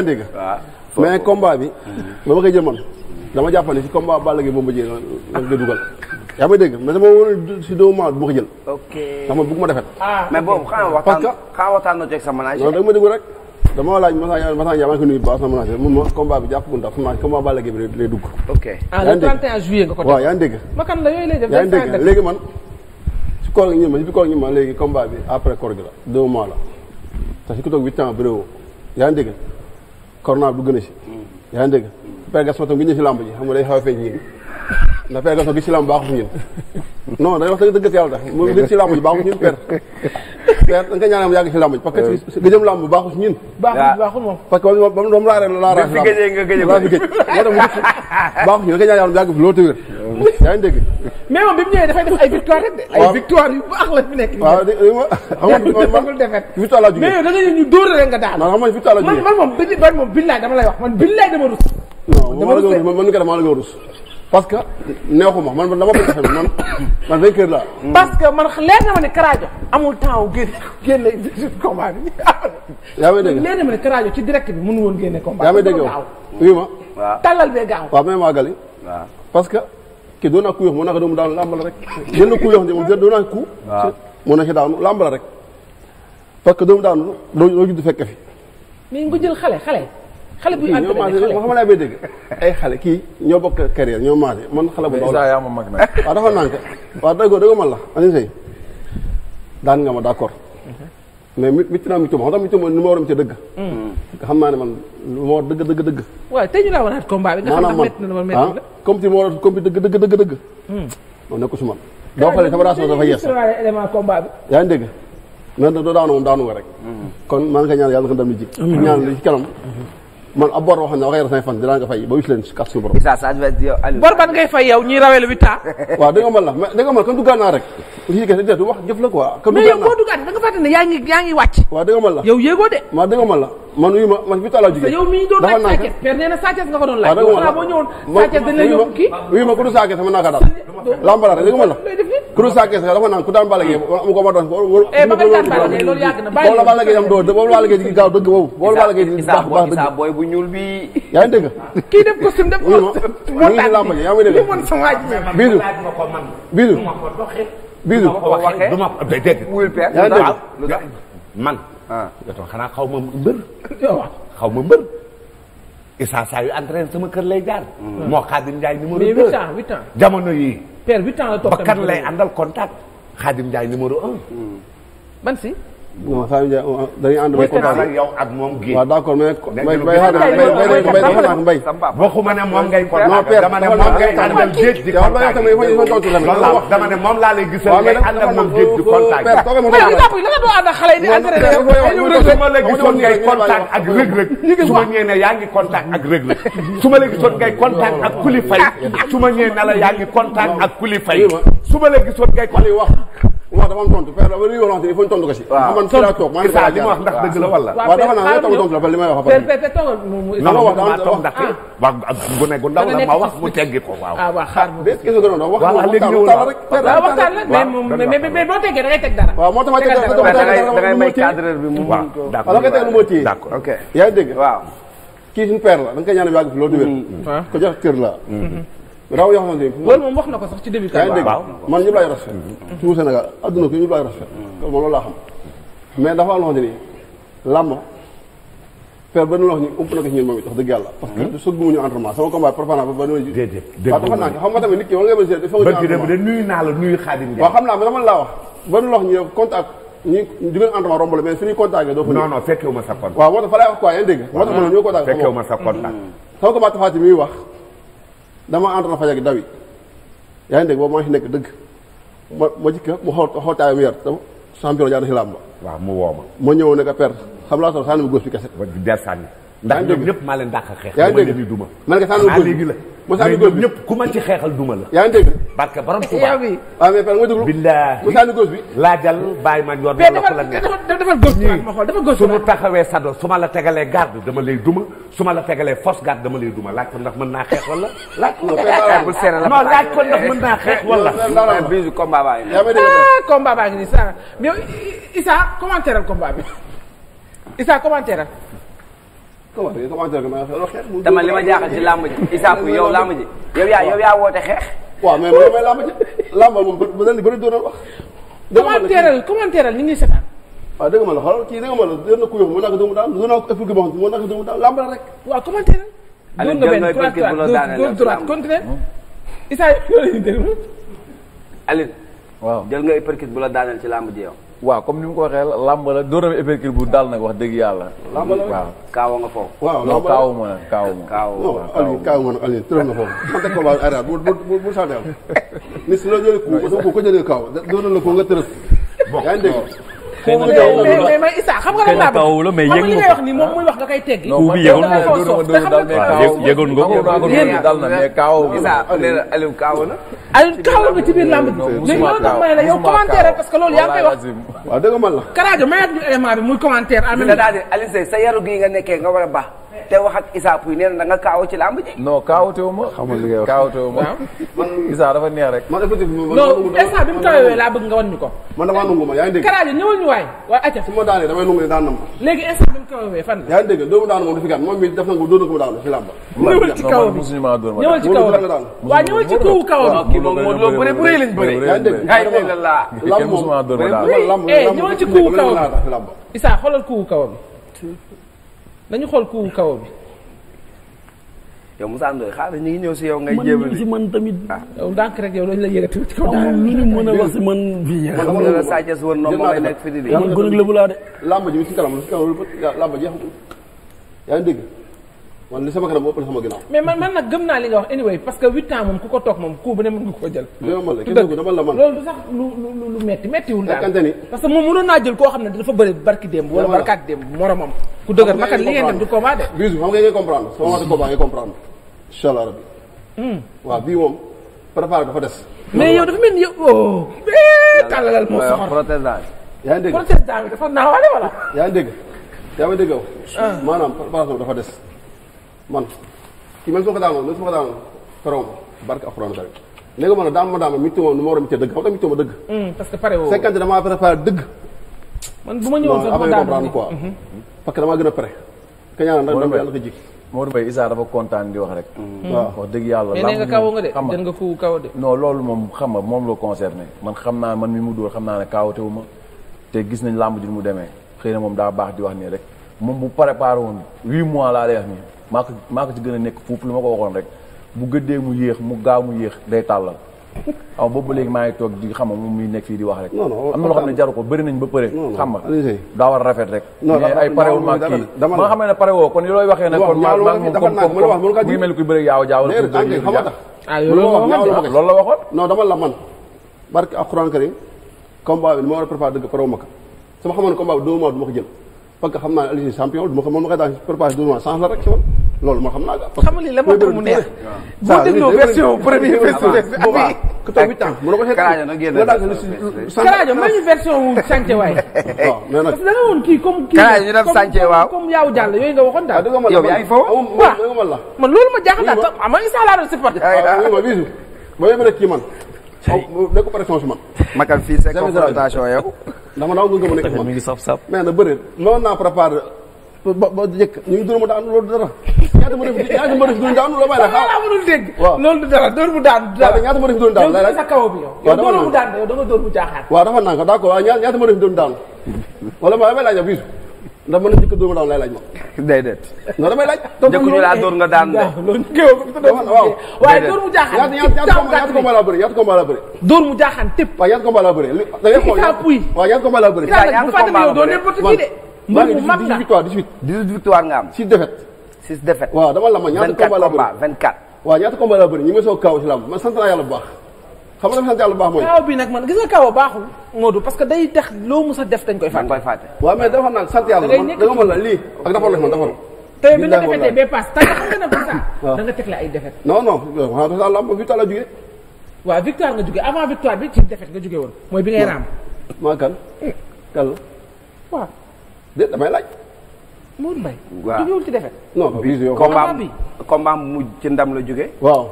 dégg ah, mais combat bi mm-hmm. ba ma koy jël man dama jàpp si combat Balla Gaye Bombardier la dama war a si doomu ma ko jël. ok ndax ma defet. ah mais boobu na ceeg sa manager. non danga ma déglu rek dama laaj Massa bi ah, ma kan la yooyu lay si koor ma si koor gi ñu ma léegi combat bi après koor gi la deux mois la te si ku toog huit ans bëriwoo yaa ngi dégg corona du gën a si. Mm. yaa ngi dégg mm. Père Gaston tam gi ñu si làmb ji xam nga day xaw a feeñ yéen ndax Père Gaston gi si làmb baaxul ñun non day wax dëgg yàlla tax moom gi si làmb ji baaxul ñun Père Père da nga ñaanal mu yàgg si làmb ji parce que euh. gëjëm làmb baaxul ñun baaxul baaxul moom parce moom moom laaree la laa raa si làmb laa fi gëj moo tax mu baaxul ñun da nga ñaanal mu yàgg fi loolu tamit yaa ngi dégg. mais moom bi mu ñëwee dafay def ay victoire de. ay yu baax la fi nekk. waaw de victoire laa mais da nga ñu dóor rek nga daal. man xam nga victoire laa man moom man dama lay wax man billaay dama rus. man man man man rus. parce que neexuma man man dama bëgg a man man ma ne Karajo amul temps wu génne génne combat bi. yaa ngi dégg leer na ma ne ci direct bi mënu woon génne combat. yaa ngi dégg waaw oui ma. waaw tallal bee gaaw. waaw même àggali. waaw parce ke doon naa ku yoo moo naka doomu daanu làmb rek jël na ku yoo xam ne moom doon naa ku moo nekk daanu làmb rek parce que doomu daanu doo doo judd fekk fi mais nga jël xale xale xale bu ay xale kii ñoo bokk carrière ñoo maase man xale bu ndaw la dafa nànk waaw dëgg dëgg man la Alioune Seye daan nga ma d'accord mhm. mais mit naa mucc ma xam nga mucc ma ni a dëgg. Hmm. man lu ma war dëgg dëgg dëgg. waaw tey ñu laa wanaat combat bi nga xam na ah, ma métti la maanaam comme ci a comme dëgg dëgg dëgg dëgg. loolu hmm. nekkul si man. boo xoolee sama raasuma dafa yees. élément na doo daanu moom daanu nga rek. Hmm. kon maa ngi koy ñaan yàlla nga ko dem di ji. man ab bor boo xam ne si kàttu suñu borom. bor ban ngay fay yow ko fàtte ne yaa ngi yaa ngi wàcc. waaw dëgg ma la yow yéegoo de. waaw dëgg ma la man wi ma man fi taalaa jugee. yow mi ñu doon laaj Sa Thiès père nee na Sa Thiès nga ko doon laaj. waaw dëgg boo ñëwoon Sa Thiès dañ lay yóbbu kii. wi ma ku du Sa Thiès sama naka daal. lambalaate dëgg ma la. ku du Sa Thiès dafa naan ku daan Balla Gaye mu ko ma doon. Eh, ba nga daan Balla Gaye loolu yàgg na bàyyi la Balla Gaye am doon boobu Balla Gaye di gaaw dëgg boobu. boobu Balla Gaye di baax baax dëgg Isa boy bu ñuul bi. yaa ngi dégg. kii def ko sim def ko. moo tax yaa ngi dégg. biidu biidu bisu ma ko waxee ma man. Ah. yow xanaa xaw ma mbër. xaw ma mbër. Issa saa yu entraîné sama kër lay jaar. Hmm. moo Xaadim Ndiaye numéro 2 mais jamono yi père huit ans la toog tamit ba kan lay àndal contact. Xaadim Ndiaye numéro un. Hmm. si. non saa yu dañuy ànd ba kontaan yow ak moom gi waaw d'accord mais mbay mbay mbay waxuma ne moom ngay kontaan dama ne moom ngay àndal géej di kontaan dama ne moom laa ak moom géej di kontaan su ma la gisoon ngay ak rëg-rëg su ma na ne yaa ngi kontaan ak rëg-rëg su ma la gisoon ngay kontaan ak kuli fay su ma ñëwee la yaa ngi kontaan ak kuli fay dama am tontu père li ñuy wax il faut ñu tontu ko si. waaw man fii laa toog man li ma wax ndax dëgg la wala. waaw dafa naa la tontu la li may wax. père père tontu na ah. ma wax ndax bu ne gu ndaw la ma wax mu teggi ko waaw. ah waaw xaar mu wax mais boo teggee da ngay teg dara. waaw moo tax ma teg dara da ngay da ngay may cadreur bi mu waaw d'accord ok yaa ngi dégg. waaw kii suñu père la da nga koy ñaanal yàgg fi loolu di wér mm-hmm. ko jox kër la mm-hmm. raw yoo sax ci début. waaw waaw na ko si ñun moom it wax dëgg nga tamit nit ki war laa wax benn loo xam contact ñi di ngeen entraînement romb la mais suñuy contacté contact. waaw moo ma ne ñoo wax dama àndoon fajar gi daw yi yaa ngi dégg boobu maa nekk dëgg ma ma jikka mu xaw xaw taay mu yar sama champion jaar si làmb waaw mu woo ma ma ñëw ne ka per xam laa sol sànni mu góos bi kese ndax ñoom ñëpp maa leen dàq xeex yaa ngi dégg duma man nga sànni mu la Moussa Ndogo bi ñëpp ku ma ci xeexal duma la. yaa ngi dégg. parce que borom Touba. waaw ah, mais par nga déglu. billaahi Moussa Ndogo bi. laajal bàyyi ma ñor ma la la nekk. dafa dafa dafa gos. su ma taxawee sado su ma la tegalee garde dama lay duma su ma la tegalee force garde dama lay duma laaj ko ndax mën naa xeex wala. laaj ko non laaj ko ndax mën naa xeex wala. ah bisu combat baa ngi nii. ah combat baa ngi nii ça mais Issa commentaire al combat bi Issa commentaire al dama li ma jaaxal ci làmb ji Isaakou yow làmb ji yow yaa yow yaa woote xeex waaw mais moom mooy làmb ji làmbal moom ba dal di bëri doon wax commentéral commentéral ñu ngi seetaan waaw dëgg ma la xoolal kii dëgg ma la doon na ko yóbbu mën naa ko doomu daal doon naa ko expliqué boo xam mën naa ko doomu daal làmb la rek waaw commentéral doon nga benn droite droite continué Isaac Aline waaw jël nga uppercut bu la daaneel ci làmb ji yow waaw comme ni mu ko waxee làmb la door na épercule bu daal nag wax dëgg yàlla. làmb waaw kaawa nga foofu. waaw làmb la kaawu ma nag kaawu ma. kaawu ma Aliou kaawu ma nag Aliou tëral na foofu. xam nga kawal aaraat bu bu bu bu saa ne am. ni si la jëlee ko jëlee kaaw doon na la koo nga tërës. bon yaa ngi dégg. xëy na taw mais mais Issa xam nga lan laa bëgg mais yëg nga wax ni moom muy wax da koy teggi ku bi yëgoon nga ko yëgoon nga ko dal na mais kaaw na ah, Aliou loolu que loolu yaa ngi koy wax waaw dëgg man la Karajo mayat muy commentaire am na daal Aliou Seye sa yaru gi nga nekkee nga war a baax te wax ak Issa Pouye nee na da nga kaaw ci làmb ji. non kaawtewu ma. xam a Issa dafa neex rek. man effectivement non bi mu kaawee laa bëgg nga wan ñu ko. man damaa nangu ma yaa ngi dégg. kalaay bi ñëwal ñu waay waaye acca. su ma daanee damay nangu ne moom du fi gàtt moom ñëwal ci kaw kaw bi kii moom moom loo bëri bëri lañ bëri. yaa ngi dégg lamb moom lamb eh, ñëwal ci kaw kaw bi Issa xoolal kaw kawam nañu xool ku kaw bi. yow Moussa Ndoye xaaral ñu ngi ñëw si yow ngay jéem si man tamit. Ah. yow ndànk rek yow dañu la yëkkati ci kaw. lu ñu mën a wax si man. fii xam nga la Sa Thiès woon noonu lay nekk fii di. man gën a lëbu laa de. làmb ji ci kanam làmb jeexatul yaa ngi dégg. man li sama kanam moo ëpp sama ginnaaw. mais que huit ans moom ku ko toog moom ku bu ne mën nga dafa de. bisu xam nga ngay comprendre soo waxee combat ngay comprendre incha allah hmm. dafa des. mais yow dafa mel ni yow oh. Eh, tàllalal moo soxor protestant yaa ah. bi dafa naawaale dafa des man kii même su ma ko daanoon même su ma ko daanoon torow ma barke alxuraan karim léegi ma ne daam ma daam ma mitti moom nu ma war a mittee dëgg xam nga mitti ma dëgg. Mm, parce que pare woo cinquante damaa préparé dëgg. man bu ma ñëwoon sax ma daanu quoi. Mm-hmm. parce que damaa gën a pare. ka ñaanal nag dama yàlla ko ji. Modou Mbaye Issa dafa kontaan di wax rek. Mm. waaw wax dëgg yàlla. mais nee nga kaw nga de jën nga ku kaw de. non loolu moom xam nga moom la concerné man xam naa man mi mu dóor xam naa ne kaawate wu ma te gis nañ làmb ji mu demee xëy na moom daa baax di wax nii rek moom bu préparé woon huit mois laa lay wax nii maa ko maa ko ci gën a nekk fuuf lu ma ko waxoon rek bu gëddee mu yéex mu gaaw mu yéex day tàllal aw boobu léegi maa ngi toog xam moom muy nekk fii di wax rek am na loo xam ne jaru ko bari nañ ba pare xam nga daa a rafet rek mais ba nga xam ne pare woo kon looy waxee ne kon maa la ah, la waxoon non dama ma a préparé ma ko sama xamoon combat bi deux mois du ma jël parce xam naa ne champion du ko moom ma koy daan préparé deux mois sans la rek ci man loolu moo xam naa ko. xam la moo tax mu neex. waaw boo dégloo version premier festival bi. waaw ku toog huit ans mu la ko. Karajo nag génn Karajo may ñu version wu Santé waay. waaw parce que da nga woon kii comme. kii Karajo ñu def Santé waaw comme yaaw jàll yooyu nga waxoon daal. Ah, yow yaa ngi foofu waaw man loolu ma jaaxal daal ah, ah ma ngi saalaatu supporté. waaw bisu ma yóbbu rek kii man. ne si man. ma kan fii c'est confrontation yow. dama a naa préparé ba ba njëkk ñu ngi dóor mu daanu loolu dara ñaata ma def ñaata ma def dóor daanu loolu waaye la ah. mënul dégg loolu du dara dóor mu daanu dara ñaata ma def dóor daanu la sa kaw bi yow yow dóor mu daanu yow da nga dóor mu jaaxaat waaw dafa naan ko d'accord waaw ñaata ma def dóor daanu wala ma damay laaj a biisu ndax mën na njëkk dóor mu daanu lay laaj ma déedéet non damay laaj njëkk ñu laa dóor nga daan waaw waaye dóor mu jaaxaan ñaata ko ma la bëri ñaata ko ma la bëri dóor mu jaaxaan tëpp waaw ñaata ko ma la bëri waaw ñaata ko ma la bëri mbër mu mag nga 18 victoire 18. 18 victoire nga am. 6 défaites. 6 défaites. waaw dama la ma ñaata combat la bëri 24 waaw ñaata combat la bëri ñi ma soo kaw ci lamb man sant yàlla bu baax. xam nga dafa sant yàlla bu baax kaaw bi nag man gis nga kaaw baaxul. Modou parce que day tax loo mus a def dañ koy koy fàtte waaw mais dafa naan sant yàlla man lii ak dafa la man dafa la. tey bi nga ay défaite. non non waaw dafa lamb victoire la jógee. waaw victoire nga jógee avant victoire bi ci défaite nga jógee woon. mooy bi ngay raam. maa eh. déet damay laaj. Modou Mbaye. waaw du ñëwul ci defet. non bis yow combat bi combat mu ci ndam la jógee. waaw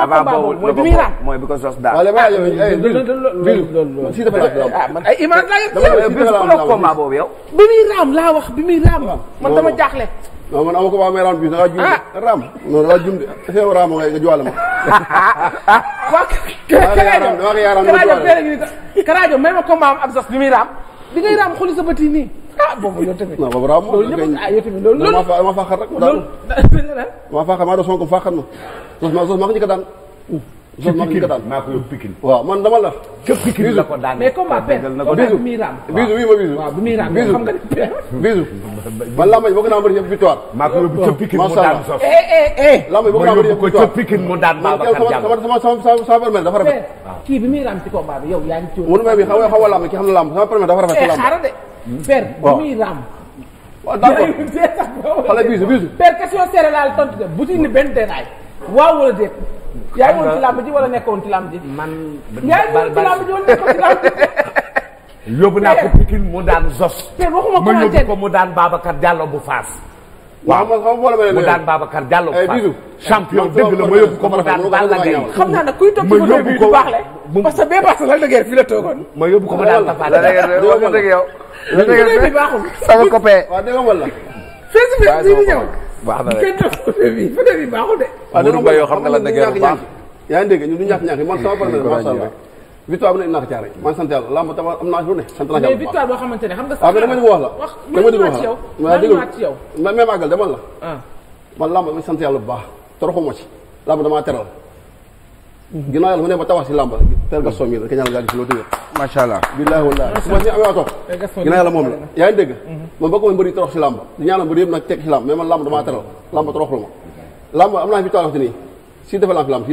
avant avant boobu bi muy raam mooy bi ko sos daal. waaw lépp ay boobu yow. bi muy raam laa wax bi muy raam. man dama jaaxle. non man amoo ko may raam bi da ngaa juum raam non da ngaa juum xew raam nga joxale ma. waaw. karaajo karaajo may ma combat am ak sos bi muy raam. bi ngay raam xooli sa bët yi nii ah boobu yow tamit. non boobu raamu loolu ñëpp ah yow tamit faa maa faa xar rek. loolu maa faa xar maa doon sonko faa xar ma. sos maa sos maa ko zone mag nga daan maa ko yóbbu Pikine waaw man dama la. képp Pikine la ko daan mais comme ma bisu bisu bi ma bisu. waaw bu muy raam xam nga bisu man laa may bëgg naa bëri yëpp victoire. maa ko yóbbu ca Pikine mu daan sof. Eh, eh, eh. laa may bëgg naa bëri yëpp victoire Pikine mu daan maa Bakar Diallo sama sama sama sama permet dafa rafet. kii bi muy raam ci combat bi yow yaa ngi ci. mënu ma bi xaw xaw a lamb ki xam na lamb sama permet dafa rafet. xaaral de. père bu muy raam. waaw d'accord xale bisu bisu. père question serré laa la tontu de bu ci ni benn détail waaw wala déet yaa ngi woon ci làmb ji wala nekkoon ci làmb ji. man yaa ngi woon ci làmb ji wala nekkoon ci làmb ji. yóbbu naa ko Pikine mu daan Zos. te waxuma mu daan Babacar Diallo bu Faas. waaw mu daan Babacar Diallo bu eh, Faas. champion dëgg la ma yóbbu ko mu daan Balla Gaye. xam naa ne kuy toog ci côté bii du baax la parce que la dëgg la toogoon. ma yóbbu ko mu daan Tafa la dëgg yow. la dëgg yow sama copain. waaw dëgg baax na kenn def feneen yi feneen yi de. waaw dama bëgg xam nga lan la gën baax yaa ngi dégg ñun du ñàkk ñàkk man sama partenaire maa sant victoire bi ne man sant yàlla lamb tamit am naa journée sant naa yàlla mais victoire boo xamante ne xam nga waaw dama wax la wax dama dégg la dégg yow même àggal ah. man lamb dama sant yàlla bu baax toroxuma ci lamb damaa ginnaaw yàlla mu ne ma tabax si làmb père Gaston mi da a ñaanal yàgg si loo dëgër macha allah billaahi wallaahi su ma si amee waa toog moom la yaa ngi dégg mhm. man bëgg ma mbëri torox si làmb di ñaanal mbëri yëpp nag teg si làmb mais am naa fi si defet ne am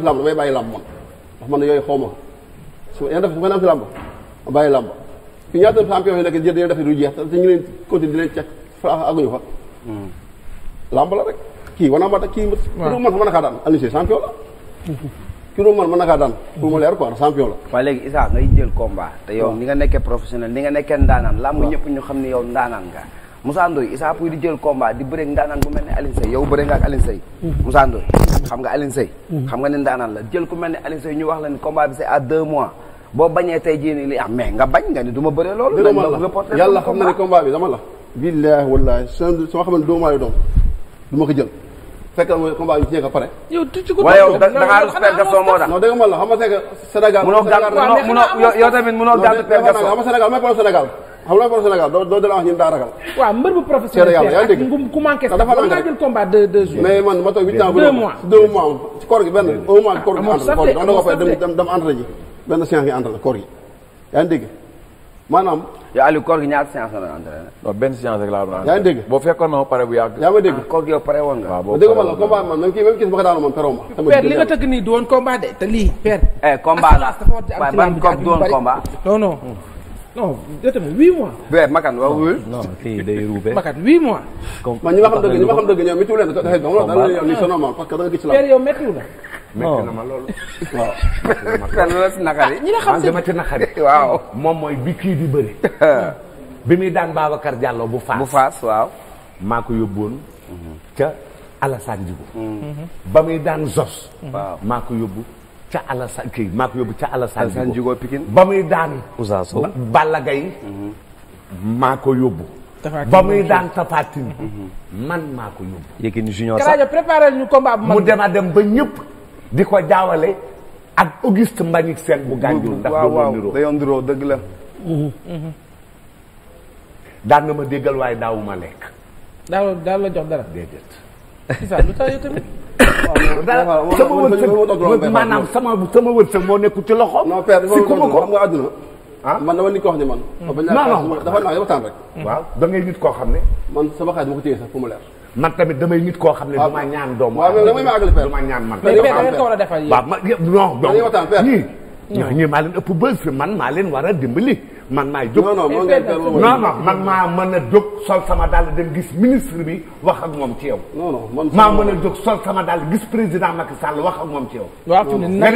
si làmb damay bàyyi làmb man ndax man yooyu am si yi nekk di leen cek fa aguñu fa hmm. làmb la rek kii war naa mën a kii. waaw ku mën mën na kaa daan Aliou Cissé champion la. ki doon mën mën mm-hmm. jël combat. te yow ni nga nekkee professionnel ni nga nekkee ndaanaan. làmb ñëpp ñu xam ne yow ndaanaan nga. Moussa Ndoye Issa Pouye di jël combat di bëreeg ndaanaan bu mel ne Alioune Seye yow bëreeg nga ak Alioune Seye. Mm-hmm. Moussa Ndoye xam nga Alioune Seye. Mm-hmm. xam nga ne ndaanaan la jël ku mel ne Alioune ñu wax la ni combat bi c'est à deux mois boo bañee tey jii nii li ah, am mais nga bañ nga ni du ma bëree loolu. dama la yàlla xam na ne combat bi dama la. billaahi soo xamante doomu aay doom ma ko jël fekk mooy combat yu ci nekk pare. yow tu ci waaye yow da ngaa respect Gaston moo tax. non dégg nga man la xam nga c'est que Sénégal. munoo gàtt munoo yow tamit munoo gàtt père Gaston. xam nga Sénégal mooy problème Sénégal xam nga problème Sénégal doo doo dalal wax ñun daa ragal. waaw mbër bu professionnel yaa ngi dégg ku manqué sax dafa ngaa jël combat de deux jours. mais man ma toog huit ans deux mois deux mois ci koor gi benn un mois koor gi ànd la koor gi donc da nga fay dem dem ànd la ji benn séance gi ànd la koor gi yaa ngi dégg maanaam. yow Aliou koor gi ñaata séance la entraîné. non benn séance rek laa doon entraîné. yaa boo fekkoon ma pare bu yàgg. yaa ngi dégg ah, koor gi yow pare woon nga. boo pare woon nga nii doon combat de te lii père. Eh, combat la waaye ban koog doon combat. non non non jot a huit mois. waaw Makan waaw wul. non kii day ruubee. Makan huit ma xam dëgg ñi ma xam dëgg ñoom méttiwul leen da nga leen yow li sonn ma parce que da nga gis la. père yow méttiwul metti oh. na ma loolu. waaw ah, dama ci naqari. waaw moom mooy bi kii di bi muy daan Babacar Diallo bu Faas. bu Faas waaw. maa ko yóbbuwoon. Mhm. ca Alassane Djigo. Mhm. ba muy daan Zos. Mhm. waaw maa yóbbu ca Alassane kii maa ko ca Alassane Djigo. ba muy daan. Ousa Sow Balla Gaye. maa ko yóbbu. daan tafatin man maa ko mu dem dem ba ñëpp. di ko jaawale ak Auguste Mbagnick Sène bu gànjul ndax waaw waaw dañoo niroo dëgg la mhm. daan ma déggal waaye daawuma lekk daaw daaw la jox dara déedéet isa lu tax yow tamit waaw sama wërsëg maanaam sama sama wërsëg moo nekkul ci loxo non père si ku ma ko xam nga àdduna ah man dama nit koo xam ne man mm. dafa naa yow temps rek koo xam ne man sama xaalis ma ko téye sax fu mu leer man tamit damay nit koo xam ne ah. du ma ñaan doomu. waaw damay màggali père du ma ñaan man. mais li ngeen a defal yéen waaw ma non. donc ñii. ñoo ñii maa fi man maa leen war a dimbali man maay jóg. non non non man maa mën a jóg sol sama dàll dem gis ministre bi wax ak moom ci yow. non non man maa mën a jóg sol sama dàll gis président Macky Sall wax ak moom ci yow. waaw fi mu ne nag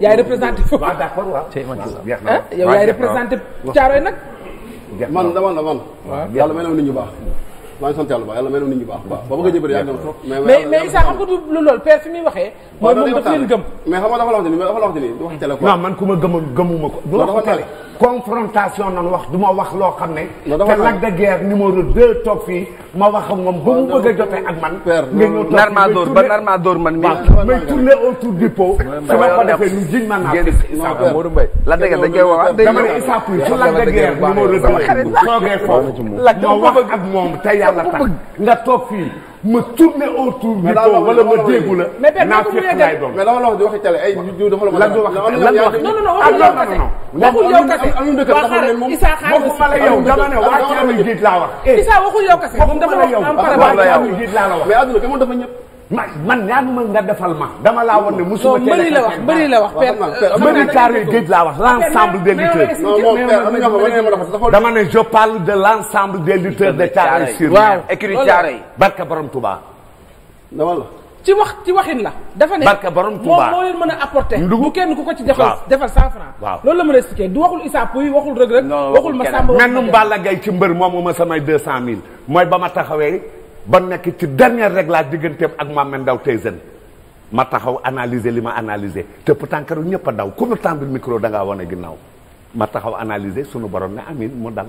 yaay représenté foofu. waaw d'accord waaw. la man. yàlla may na nit ñu baax. maa ngi sant yàlla baax yàlla may na nit ñu baax baax ba bëgg a jëbëri yàgg na trop mais mais Issa xam nga du lu loolu père fi muy waxee mooy moom dafa leen gëm mais xam nga dafa la wax ni dafa la wax ni du wax télé quoi non man ku ma ko du wax télé confrontation nan wax du ma wax loo xam ne. te Lac de Guiers numéro 2 toog fii ma wax ak moom ba mu bëgg a jotee ak man. nga nar maa dóor ba nar maa dóor man. waaw may tourner autour du pot. su ma ko defee ñu jiñ ma naa. génn Modou Mbaye. Lac de Guiers dañ koy wax dama ne Issa Pouye su Lac de Guiers numéro 2 toogee foofu. ma wax ak nga toog fii. ma tourné autour. mais daal wala ma déggu la. naa fekk laay doon mais dama la wax di waxi télé ay jiw la ma. wax lan nga wax non non kase. waxuma la yow dama ne waa ci amul géej laa wax. Issa waxul yow kase. waxuma la yow waxuma la yow waxuma la yow waxuma la yow waxuma la yow waxuma la yow waxuma la yow waxuma la yow waxuma la yow waxuma la ma man ñaanuma nga defal ma dama laa woon ne musuma bëri la wax bëri la wax bëri carré géej laa wax l'ensemble des lutteurs dama ne je parle de l'ensemble des lutteurs de Thiaroye sur Mer écurie Thiaroye barka borom Touba ci wax ci waxin la dafa ne barka borom Touba moom moo leen mën a ku ko ci defal defal cent francs waaw loolu la mën a waxul Issa Pouye waxul Reug Reug waxul ma Samba mennum Balla Gaye ci mbër moom ma samay deux cent mille mooy ba ma taxawee ba nekk ci dernier réglage digganteem ak Mohamed Ndao Tyson ma taxaw analyser li ma analyser te pourtant keroog ñëpp daw ku ñu tàmbil micro da ngaa wane ginnaaw ma taxaw analyser sunu borom ne amin mu dal.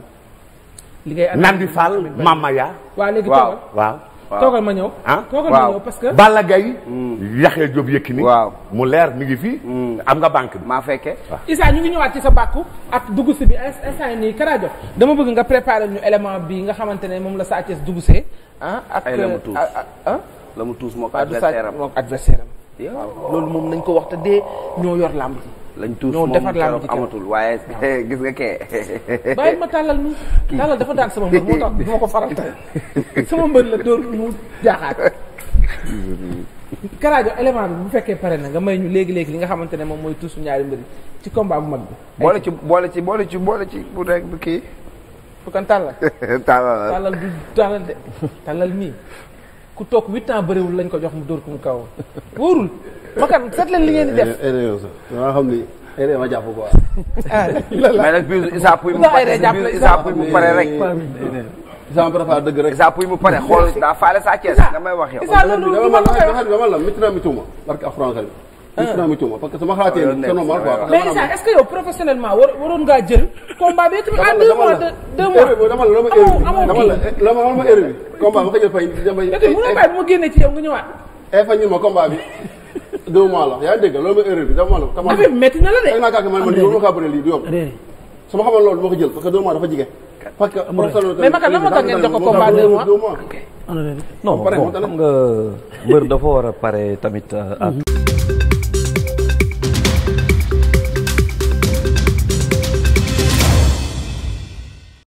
li ngay Nandi Fall Mamaya. waaw léegi waaw. toogal ma ñëw. ah waaw parce que. Balla Gaye. Hmm. Yaxya Diop Yékini. waaw mu leer mu ngi fii hmm. am nga banque bi maa fekkee. Issa ñu ngi ñëwaat ci sa bàkku ak dugub si bi instant nii Karajo dama bëgg nga préparer ñu élément bi nga xamante ne moom la Sa Thiès dugub see. ah ak ay la mu tuus ah, ah, ah. la mu tuus mook ah, adversaire loolu moom nañ ko wax te dee ñoo yor làmb lañ tuus moom keroog amatul waaye gis nga kee. bàyyi ma tàllal mi tàllal dafa daan sama mbër moo tax moo ko faral tey sama mbër la dóor mu jaaxaat. Karaajo élément bi bu fekkee pare na nga may ñu léegi léegi li nga xamante ne moom mooy tuusu ñaari mbër ci combat bu mag bi. boole ci boole ci boole ci boole ci bu rek bu kii. fu kan tàllal. tàllal tàllal mii ku toog huit ans bëriwul lañ ko jox mu dóor ku mu kaw wóorul. ma kan seet leen li ngeen di def. waaw xam ni aéré ma jàpp quoi. Ah. mais nag bisu Issa Pouye mu pare bisu Issa Pouye mu pare rek. Issa Pouye dafa dëgg rek. Issa Pouye mu pare xool daa faale sa Thiès damay wax yow. Issa loolu du ma la koy wax dama la mitti naa mitti ma barke afran kali ah. mitti naa mitti ma parce que sama xalaatee c'est normal quoi. mais Issa est-ce que yow professionnellement war waroon ngaa jël combat bi tamit en deux mois deux mois. dama la dama eh, la dama la erreur bi combat ma ko jël fay. dama la erreur bi dama la erreur bi. dama la erreur bi mu génne ci yow nga ñëwaat. Eh, fa ñun ma combat bi deux mois la yaa dégg loolu mooy erreur bi dama la. affaire bi métti na la de. tey naa kàkk man man ma kaa bëri lii du yomb. su ma xamoon loolu du ma ko jël parce que dafa jige. parce que mais moo tax ngeen jox ko combat deux mois. non bon xam nga mbër dafa war a pare tamit. Euh,